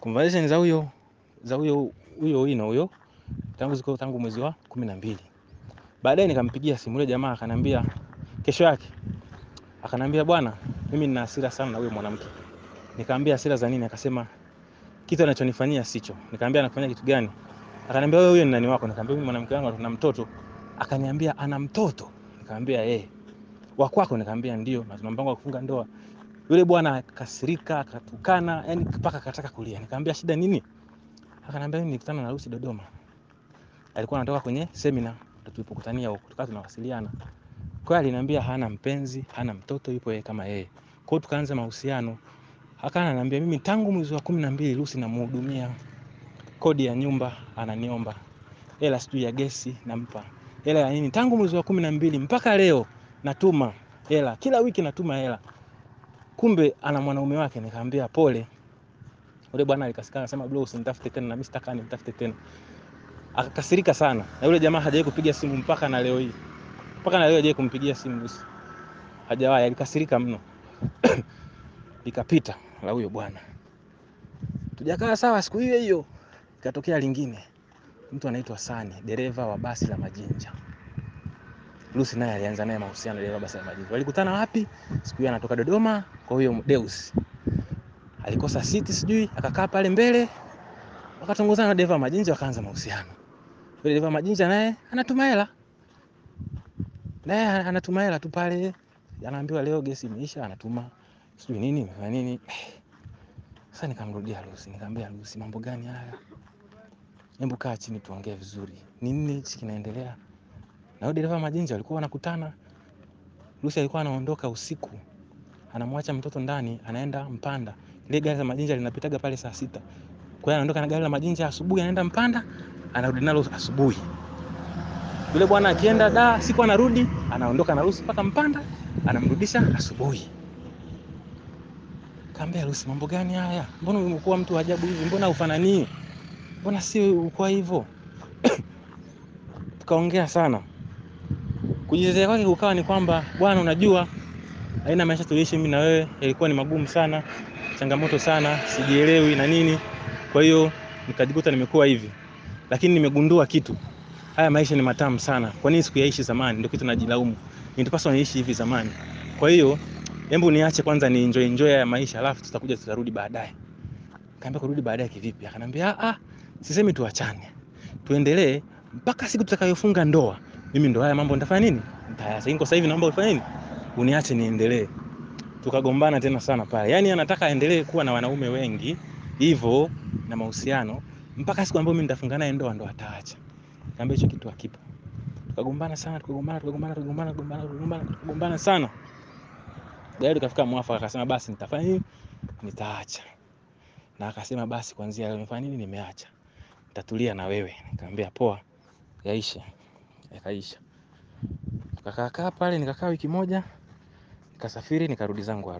conversion za huyo za huyo huyo wino huyo tangu ziko tangu mwezi wa 12. Baadaye nikampigia simu yule jamaa akanambia kesho yake akanambia bwana, mimi nina hasira sana na huyo mwanamke. Nikamwambia hasira za nini? Akasema kitu anachonifanyia sicho. Nikamwambia anafanya kitu gani? Akaniambia wewe huyo ni nani wako? Nikamwambia mimi mwanamke wangu ana mtoto. Akaniambia ana mtoto. Nikamwambia eh, wa kwako? Nikamwambia ndio, na tuna mpango wa kufunga ndoa. Yule bwana akasirika, akatukana, yani mpaka akataka kulia. Nikamwambia shida nini? Akaniambia mimi nikutana na Lucy Dodoma. Alikuwa anatoka kwenye semina, tulipokutania huko, tukawa tunawasiliana. Kwa hiyo aliniambia hana mpenzi, hana mtoto, yupo yeye kama yeye. Kwa hiyo tukaanza mahusiano. Akana ananiambia mimi tangu mwezi wa kumi na mbili Lucy namhudumia. Kodi ya nyumba ananiomba. Hela sijui ya gesi nampa. Hela ya nini? Tangu mwezi wa kumi na mbili mpaka leo natuma hela. Kila wiki natuma hela kumbe ana mwanaume wake. Nikamwambia pole. Yule bwana alikasirika, anasema bro, usinitafute tena, na mimi sitaka nitafute tena. Akakasirika sana, na yule jamaa hajawahi kupiga simu mpaka na leo hii, mpaka na leo hajawahi kumpigia simu Lucy, hajawahi. Alikasirika mno likapita la huyo bwana, tujakaa sawa. Siku hiyo hiyo ikatokea lingine, mtu anaitwa Sani, dereva wa basi la Majinja. Lucy naye alianza naye mahusiano ile baba la majivu. Walikutana wapi? Siku hiyo anatoka Dodoma, kwa hiyo Deus alikosa siti sijui, akakaa pale mbele, wakatongozana na Deva majinja, wakaanza mahusiano. Yule Deva majinja naye anatuma hela, naye anatuma hela tu pale, anaambiwa leo gesi imeisha, anatuma sijui nini na nini. Sasa nikamrudia Lucy, nikamwambia Lucy, mambo gani haya? Hebu kaa chini tuongee vizuri, nini hiki kinaendelea? Na yule dereva majenzi walikuwa wanakutana. Lucy alikuwa anaondoka usiku. Anamwacha mtoto ndani, anaenda Mpanda. Ile gari la majenzi linapitaga pale saa sita. Kwa hiyo anaondoka na gari la majenzi asubuhi anaenda Mpanda, anarudi nalo asubuhi. Yule bwana akienda da siku anarudi, anaondoka na Lucy mpaka Mpanda, anamrudisha asubuhi. Kaambia Lucy, mambo gani haya? Mbona umekuwa mtu wa ajabu hivi? Mbona ufananii? Mbona si uko hivyo? Tukaongea sana kujitetea kwake kukawa ni kwamba bwana, unajua aina maisha tuliishi mimi na wewe yalikuwa ni magumu sana, changamoto sana, sijielewi na nini. Kwa hiyo nikajikuta nimekuwa hivi, lakini nimegundua kitu, haya maisha ni matamu sana. Kwa nini sikuyaishi zamani? Ndio kitu najilaumu, nitapaswa niishi hivi zamani. Kwa hiyo hebu niache kwanza ni enjoy enjoy ya maisha, alafu tutakuja tutarudi baadaye. Kaambia kurudi baadaye kivipi? Akanambia ah, ah, sisemi tuachane, tuendelee mpaka siku tutakayofunga ndoa mimi ndo haya mambo nitafanya nini, nitayaacha. Kwa sasa naomba ufanye nini, uniache niendelee. Tukagombana tena sana pale, yani anataka aendelee kuwa na wanaume wengi hivyo na mahusiano mpaka siku ambayo mimi nitafunga naye ndoa, ndo ataacha. Nikamwambia hicho kitu akipa Tukagombana sana, tukagombana, tukagombana, tukagombana, tukagombana, tukagombana, tukagombana sana. Gari tukafika mwafaka, akasema basi nitafanya nini, nitaacha. Na akasema basi, kuanzia leo nimefanya nini, nimeacha, nitatulia na wewe. Nikamwambia poa, yaisha yakaisha. Tukakaa kaa pale nikakaa wiki moja, nikasafiri nikarudi zangu